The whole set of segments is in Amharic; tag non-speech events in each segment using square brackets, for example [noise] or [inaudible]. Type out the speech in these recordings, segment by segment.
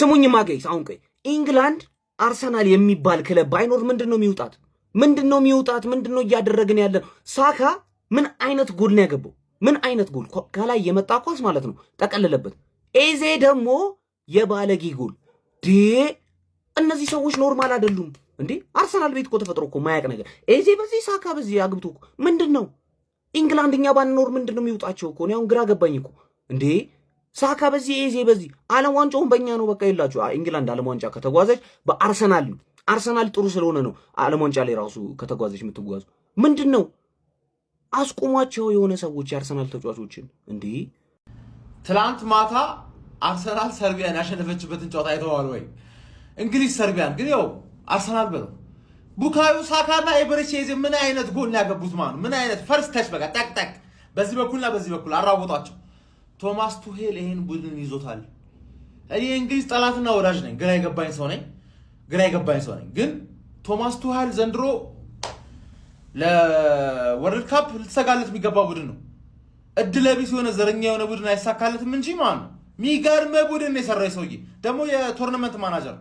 ስሙኝ ጋይስ፣ አሁን ቆይ ኢንግላንድ አርሰናል የሚባል ክለብ ባይኖር ምንድን ነው የሚውጣት? ምንድን ነው የሚውጣት? ምንድን ነው እያደረግን ያለ ነው? ሳካ ምን አይነት ጎል ነው ያገባው? ምን አይነት ጎል! ከላይ የመጣ ኳስ ማለት ነው፣ ጠቀለለበት። ኤዜ ደግሞ የባለጌ ጎል ዴ እነዚህ ሰዎች ኖርማል አይደሉም እንዴ! አርሰናል ቤት እኮ ተፈጥሮ እኮ ማያቅ ነገር ኤዜ በዚህ ሳካ በዚህ አግብቶ ምንድን ነው ኢንግላንድኛ ባንኖር ምንድን ነው የሚውጣቸው እኮ አሁን ግራ ገባኝ እኮ እንዴ ሳካ በዚህ ኤዜ በዚህ ዓለም ዋንጫውን በእኛ ነው በቃ የላችሁ። እንግላንድ ዓለም ዋንጫ ከተጓዘች በአርሰናል አርሰናል ጥሩ ስለሆነ ነው ዓለም ዋንጫ ላይ ራሱ ከተጓዘች የምትጓዙ ምንድን ነው አስቁሟቸው የሆነ ሰዎች የአርሰናል ተጫዋቾችን እንዲህ ትላንት ማታ አርሰናል ሰርቢያን ያሸነፈችበትን ጨዋታ አይተዋል ወይ? እንግሊዝ ሰርቢያን ግን ያው አርሰናል በለው ቡካዩ ሳካና ኤበረቺ ምን አይነት ጎል ያገቡት ማለት ምን አይነት ፈርስት ተች በቃ ጠቅጠቅ በዚህ በኩልና በዚህ በኩል አራወጧቸው። ቶማስ ቱሄል ይሄን ቡድን ይዞታል። እኔ የእንግሊዝ ጠላትና ወዳጅ ነኝ፣ ግራ የገባኝ ሰው ነኝ፣ ግራ የገባኝ ሰው ነኝ። ግን ቶማስ ቱሄል ዘንድሮ ለወርልድ ካፕ ልትሰጋለት የሚገባ ቡድን ነው። ቢስ የሆነ ዘረኛ የሆነ ቡድን አይሳካለትም እንጂ ማን ነው። ሚገርመ ቡድን ነው የሰራው ሰውዬ። ደግሞ የቶርናመንት ማናጀር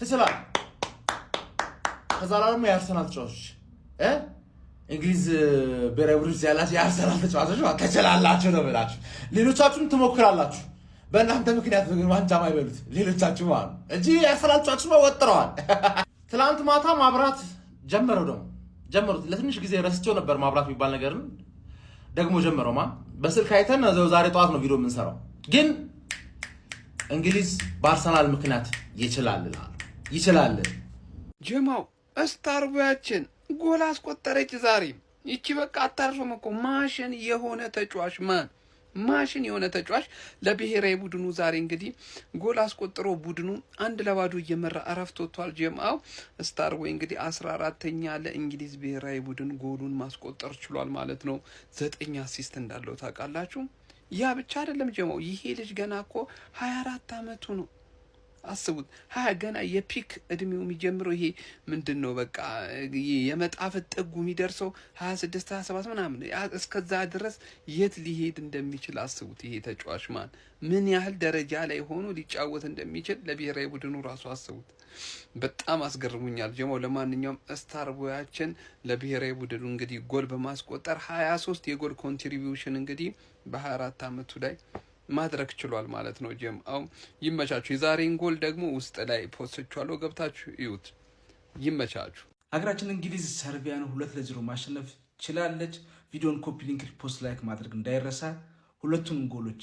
ትችላል። ከዛ ላይ ደግሞ የአርሰናል ተጫዋቾች እንግሊዝ ብሔራዊ ቡድን ውስጥ ያላችሁ የአርሰናል ተጫዋቾች ተችላላችሁ ነው ብላችሁ ሌሎቻችሁም ትሞክራላችሁ። በእናንተ ምክንያት ዋንጫ ማይበሉት ሌሎቻችሁ አሉ እንጂ የአርሰናል ተጫዋቾች ወጥረዋል። [laughs] ትላንት ማታ ማብራት ጀመረው ደግሞ ጀመሩት። ለትንሽ ጊዜ ረስቸው ነበር ማብራት የሚባል ነገር ደግሞ ጀመረው። ማ በስልክ አይተን ዘው ዛሬ ጠዋት ነው ቪዲዮ የምንሰራው። ግን እንግሊዝ በአርሰናል ምክንያት ይችላል ይችላል ጀማው ስታርቦያችን ጎል አስቆጠረች። ዛሬ ይቺ በቃ አታርፍም እኮ ማሽን የሆነ ተጫዋች ማ ማሽን የሆነ ተጫዋች ለብሔራዊ ቡድኑ ዛሬ እንግዲህ ጎል አስቆጥሮ ቡድኑ አንድ ለባዶ እየመራ እረፍት ወጥቷል። ጀምአው ስታር ወይ እንግዲህ አስራ አራተኛ ለእንግሊዝ ብሔራዊ ቡድን ጎሉን ማስቆጠር ችሏል ማለት ነው። ዘጠኝ አሲስት እንዳለው ታውቃላችሁ። ያ ብቻ አይደለም ጀማው፣ ይሄ ልጅ ገና እኮ ሀያ አራት አመቱ ነው። አስቡት ሀ ገና የፒክ እድሜው የሚጀምረው ይሄ ምንድን ነው በቃ የመጣፈጥ ጥጉ የሚደርሰው ሀያ ስድስት ሀያ ሰባት ምናምን እስከዛ ድረስ የት ሊሄድ እንደሚችል አስቡት። ይሄ ተጫዋች ማን ምን ያህል ደረጃ ላይ ሆኖ ሊጫወት እንደሚችል ለብሔራዊ ቡድኑ ራሱ አስቡት። በጣም አስገርሙኛል ጀሞ ለማንኛውም ስታር ቦያችን ለብሔራዊ ቡድኑ እንግዲህ ጎል በማስቆጠር ሀያ ሶስት የጎል ኮንትሪቢዩሽን እንግዲህ በሀያ አራት አመቱ ላይ ማድረግ ችሏል ማለት ነው። ጀምአው ይመቻችሁ። የዛሬን ጎል ደግሞ ውስጥ ላይ ፖስቸዋለሁ፣ ገብታችሁ እዩት። ይመቻችሁ። ሀገራችን እንግሊዝ ሰርቢያን ሁለት ለዜሮ ማሸነፍ ችላለች። ቪዲዮን ኮፒ ሊንክ፣ ፖስት፣ ላይክ ማድረግ እንዳይረሳ። ሁለቱም ጎሎች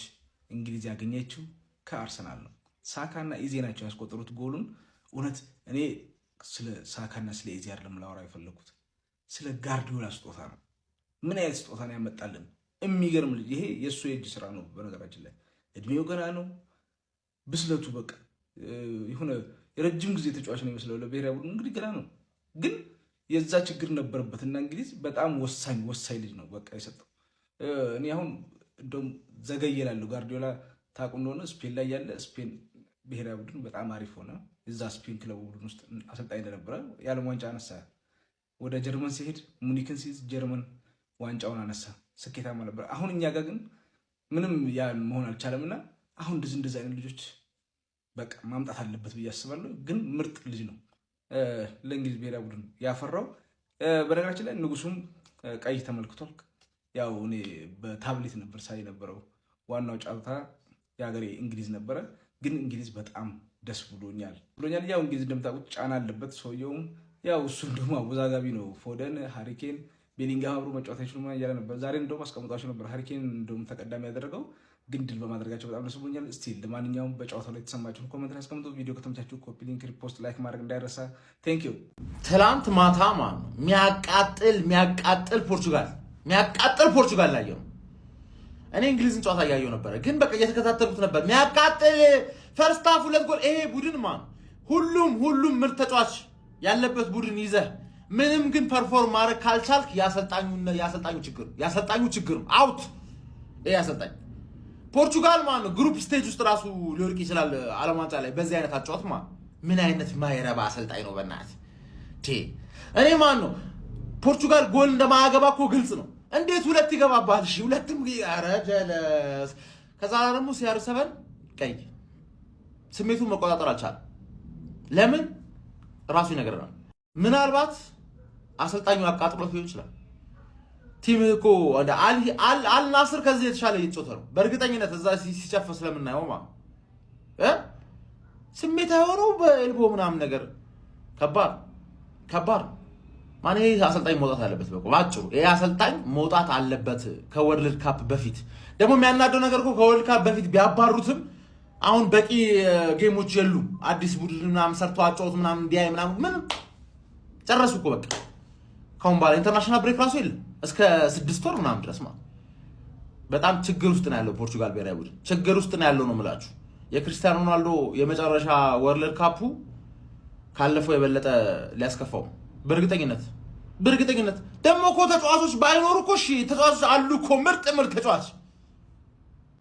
እንግሊዝ ያገኘችው ከአርሰናል ነው። ሳካና ኢዜ ናቸው ያስቆጠሩት ጎሉን። እውነት እኔ ስለ ሳካና ስለ ኢዜ አይደለም ላወራ የፈለኩት ስለ ጋርዲዮላ ስጦታ ነው። ምን አይነት ስጦታ ነው ያመጣልን? የሚገርም ልጅ ይሄ የእሱ የእጅ ስራ ነው። በነገራችን ላይ እድሜው ገና ነው። ብስለቱ በቃ የሆነ የረጅም ጊዜ ተጫዋች ነው ይመስለው ለብሔራዊ ቡድን እንግዲህ ገና ነው፣ ግን የዛ ችግር ነበረበትና እንግዲህ በጣም ወሳኝ ወሳኝ ልጅ ነው በቃ የሰጠው። እኔ አሁን እንደውም ዘገየላለሁ። ጋርዲዮላ ታቁ እንደሆነ ስፔን ላይ ያለ ስፔን ብሔራዊ ቡድን በጣም አሪፍ ሆነ። እዛ ስፔን ክለቡ ቡድን ውስጥ አሰልጣኝ እንደነበረ የዓለም ዋንጫ አነሳ። ወደ ጀርመን ሲሄድ ሙኒክን ሲይዝ ጀርመን ዋንጫውን አነሳ። ስኬታማ ነበር። አሁን እኛ ጋር ግን ምንም ያ መሆን አልቻለም እና አሁን እንደዚህ እንደዚህ አይነት ልጆች በቃ ማምጣት አለበት ብዬ አስባለሁ። ግን ምርጥ ልጅ ነው ለእንግሊዝ ብሔራዊ ቡድን ያፈራው። በነገራችን ላይ ንጉሱም ቀይ ተመልክቷል። ያው እኔ በታብሌት ነበር ሳይ ነበረው። ዋናው ጨዋታ የሀገሬ እንግሊዝ ነበረ። ግን እንግሊዝ በጣም ደስ ብሎኛል ብሎኛል። ያው እንግሊዝ እንደምታውቁት ጫና አለበት ሰውየውም። ያው እሱም ደግሞ አወዛጋቢ ነው። ፎደን፣ ሃሪኬን ቤሊንግሃም አብሮ መጫወት አይችሉም እያለ ነበር። ዛሬ እንደውም አስቀምጧቸው ነበር። ሀሪኬን እንደውም ተቀዳሚ ያደረገው ግን ድል በማድረጋቸው በጣም ደስ ብሎኛል። ስቲል ለማንኛውም በጨዋታው ላይ የተሰማችሁን ኮመንት ላይ አስቀምጡ። ቪዲዮ ከተመቻችሁ ኮፒ ሊንክ፣ ሪፖስት፣ ላይክ ማድረግ እንዳይረሳ። ቴንክ ዩ። ትላንት ማታ ማ ነው የሚያቃጥል የሚያቃጥል ፖርቹጋል የሚያቃጥል ፖርቹጋል ላይ ነው። እኔ እንግሊዝን ጨዋታ እያየው ነበረ፣ ግን በቃ እየተከታተልኩት ነበር። የሚያቃጥል ፈርስት ሃፍ ሁለት ጎል ይሄ ቡድን ማ ሁሉም ሁሉም ምርጥ ተጫዋች ያለበት ቡድን ይዘህ ምንም ግን ፐርፎርም ማድረግ ካልቻልክ የአሰልጣኙ ችግር የአሰልጣኙ ችግር አውት ይሄ አሰልጣኝ ፖርቹጋል ማለት ነው ግሩፕ ስቴጅ ውስጥ ራሱ ሊወድቅ ይችላል ዓለም ዋንጫ ላይ በዚህ አይነት አጫወት ማ ምን አይነት ማይረባ አሰልጣኝ ነው በእናትህ እኔ ማለት ነው ፖርቹጋል ጎል እንደማያገባ እኮ ግልጽ ነው እንዴት ሁለት ይገባባል እሺ ሁለትም ኧረ ከዛ ደግሞ ሲያር ሰበን ቀይ ስሜቱን መቆጣጠር አልቻለም ለምን ራሱ ይነግረናል ምናልባት አሰልጣኙ አቃጥሎት ሊሆን ይችላል። ቲም እኮ ናስር ከዚህ የተሻለ እየተጫወተ ነው። በእርግጠኝነት እዛ ሲጨፈር ስለምናየው ማለት ስሜት አይሆነው በኤልቦ ምናምን ነገር ከባድ ከባድ ማን ይሄ አሰልጣኝ መውጣት አለበት። በቃ ባጭሩ ይሄ አሰልጣኝ መውጣት አለበት ከወርልድ ካፕ በፊት። ደግሞ የሚያናደው ነገር እኮ ከወርልድ ካፕ በፊት ቢያባሩትም አሁን በቂ ጌሞች የሉም። አዲስ ቡድን ምናምን ሰርቶ አጫወት ምናምን ቢያይ ምናምን ምን ጨረሱ እኮ በቃ ካሁን በኋላ ኢንተርናሽናል ብሬክ ራሱ የለም እስከ ስድስት ወር ምናምን ድረስ ማለት በጣም ችግር ውስጥ ነው ያለው ፖርቹጋል ብሔራዊ ቡድን ችግር ውስጥ ነው ያለው ነው የምላችሁ። የክርስቲያኖ ሮናልዶ የመጨረሻ ወርልድ ካፑ ካለፈው የበለጠ ሊያስከፋው በእርግጠኝነት በእርግጠኝነት ደግሞ እኮ ተጫዋቾች ባይኖሩ እኮ ተጫዋቾች አሉ እኮ ምርጥ ምርጥ ተጫዋች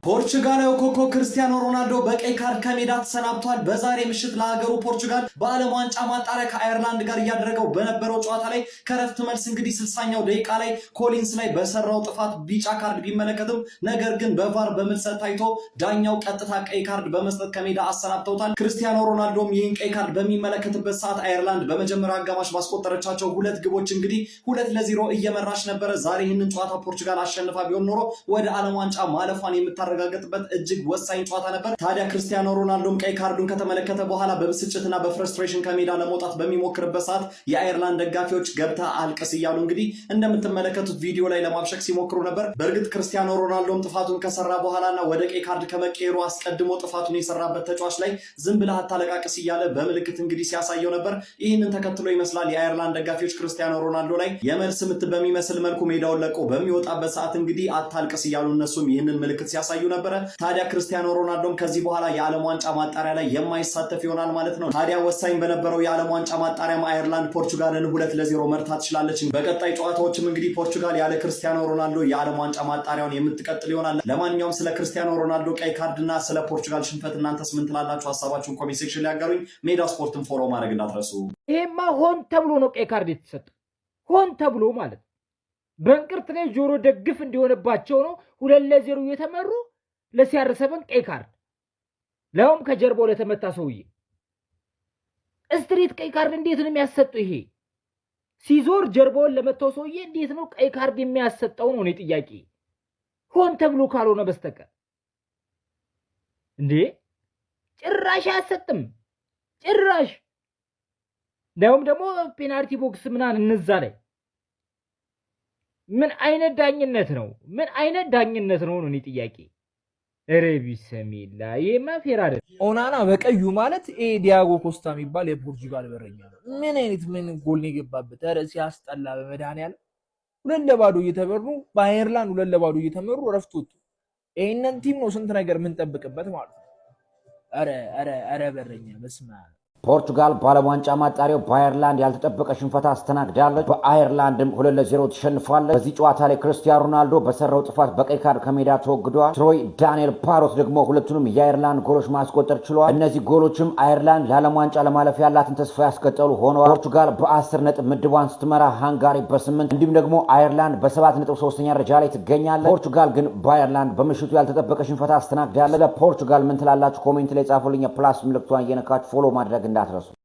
ፖርቹጋላዊ ኮኮ ክርስቲያኖ ሮናልዶ በቀይ ካርድ ከሜዳ ተሰናብቷል። በዛሬ ምሽት ለሀገሩ ፖርቹጋል በዓለም ዋንጫ ማጣሪያ ከአየርላንድ ጋር እያደረገው በነበረው ጨዋታ ላይ ከረፍት መልስ እንግዲህ ስልሳኛው ደቂቃ ላይ ኮሊንስ ላይ በሰራው ጥፋት ቢጫ ካርድ ቢመለከትም ነገር ግን በቫር በምልሰት ታይቶ ዳኛው ቀጥታ ቀይ ካርድ በመስጠት ከሜዳ አሰናብተውታል። ክርስቲያኖ ሮናልዶም ይህን ቀይ ካርድ በሚመለከትበት ሰዓት አየርላንድ በመጀመሪያ አጋማሽ ባስቆጠረቻቸው ሁለት ግቦች እንግዲህ ሁለት ለዜሮ እየመራች ነበረ። ዛሬ ይህንን ጨዋታ ፖርቹጋል አሸንፋ ቢሆን ኖሮ ወደ ዓለም ዋንጫ ማለፏን የምታደርገው የሚያረጋግጥበት እጅግ ወሳኝ ጨዋታ ነበር። ታዲያ ክርስቲያኖ ሮናልዶም ቀይ ካርዱን ከተመለከተ በኋላ በብስጭትና በፍረስትሬሽን ከሜዳ ለመውጣት በሚሞክርበት ሰዓት የአይርላንድ ደጋፊዎች ገብታ አልቅስ እያሉ እንግዲህ እንደምትመለከቱት ቪዲዮ ላይ ለማብሸቅ ሲሞክሩ ነበር። በእርግጥ ክርስቲያኖ ሮናልዶም ጥፋቱን ከሰራ በኋላና ወደ ቀይ ካርድ ከመቀየሩ አስቀድሞ ጥፋቱን የሰራበት ተጫዋች ላይ ዝም ብለህ አታለቃቅስ እያለ በምልክት እንግዲህ ሲያሳየው ነበር። ይህንን ተከትሎ ይመስላል የአይርላንድ ደጋፊዎች ክርስቲያኖ ሮናልዶ ላይ የመልስ ምት በሚመስል መልኩ ሜዳውን ለቆ በሚወጣበት ሰዓት እንግዲህ አታልቅስ እያሉ እነሱም ይህንን ምልክት ሲያሳዩ ሲያሳዩ ነበረ። ታዲያ ክርስቲያኖ ሮናልዶም ከዚህ በኋላ የዓለም ዋንጫ ማጣሪያ ላይ የማይሳተፍ ይሆናል ማለት ነው። ታዲያ ወሳኝ በነበረው የዓለም ዋንጫ ማጣሪያም አየርላንድ ፖርቹጋልን ሁለት ለዜሮ መርታ ትችላለች። በቀጣይ ጨዋታዎችም እንግዲህ ፖርቹጋል ያለ ክርስቲያኖ ሮናልዶ የዓለም ዋንጫ ማጣሪያውን የምትቀጥል ይሆናል። ለማንኛውም ስለ ክርስቲያኖ ሮናልዶ ቀይ ካርድና ስለ ፖርቹጋል ሽንፈት እናንተስ ምን ትላላችሁ? ሀሳባችሁን ኮሜንት ሴክሽን ሊያጋሩኝ። ሜዳ ስፖርትን ፎሎ ማድረግ እንዳትረሱ። ይሄማ ሆን ተብሎ ነው ቀይ ካርድ የተሰጠ ሆን ተብሎ ማለት በእንቅርት ላይ ጆሮ ደግፍ እንዲሆንባቸው ነው። ሁለት ለዜሮ እየተመሩ ለሲያር ሰበን ቀይ ካርድ ለውም ከጀርባው ለተመታ ሰውዬ ስትሬት ቀይ ካርድ እንዴት ነው የሚያሰጡ? ይሄ ሲዞር ጀርባውን ለመታው ሰውዬ እንዴት ነው ቀይ ካርድ የሚያሰጠው? ነው እኔ ጥያቄ። ሆን ተብሎ ካልሆነ በስተቀር እንዴ ጭራሽ አያሰጥም። ጭራሽ እንዲያውም ደግሞ ፔናልቲ ቦክስ ምናምን እንዛ ላይ ምን አይነት ዳኝነት ነው? ምን አይነት ዳኝነት ነው ነው እኔ ጥያቄ። ረቢሰሚላ ይሄማ ፌር አይደለም። ኦናና በቀዩ ማለት ይሄ ዲያጎ ኮስታ የሚባል የፖርቱጋል በረኛ ነው። ምን አይነት ምን ጎል ነው የገባበት? ኧረ ሲያስጠላ በመድኃኒዓለም ሁለት ለባዶ እየተበሩ በአየርላንድ ሁለት ለባዶ እየተመሩ እረፍት ወጡ። ይሄንን ቲም ነው ስንት ነገር የምንጠብቅበት ማለት ነው። ኧረ ኧረ ኧረ በረኛ በስመ አብ ፖርቱጋል በዓለም ዋንጫ ማጣሪያው በአየርላንድ ያልተጠበቀ ሽንፈት አስተናግዳለች። በአየርላንድም ሁለት ለዜሮ ተሸንፏለች። በዚህ ጨዋታ ላይ ክርስቲያኖ ሮናልዶ በሰራው ጥፋት በቀይ ካርድ ከሜዳ ተወግዷል። ትሮይ ዳንኤል ፓሮት ደግሞ ሁለቱንም የአየርላንድ ጎሎች ማስቆጠር ችሏል። እነዚህ ጎሎችም አየርላንድ ለዓለም ዋንጫ ለማለፍ ያላትን ተስፋ ያስቀጠሉ ሆነዋል። ፖርቱጋል በአስር ነጥብ ምድቧን ስትመራ ሃንጋሪ በስምንት እንዲሁም ደግሞ አየርላንድ በሰባት ነጥብ ሶስተኛ ደረጃ ላይ ትገኛለች። ፖርቱጋል ግን በአየርላንድ በምሽቱ ያልተጠበቀ ሽንፈት አስተናግዳለች። ለፖርቱጋል ምን ትላላችሁ? ኮሜንት ላይ ጻፉልኝ። ፕላስ ምልክቷን እየነካችሁ ፎሎ ማድረግ Gracias.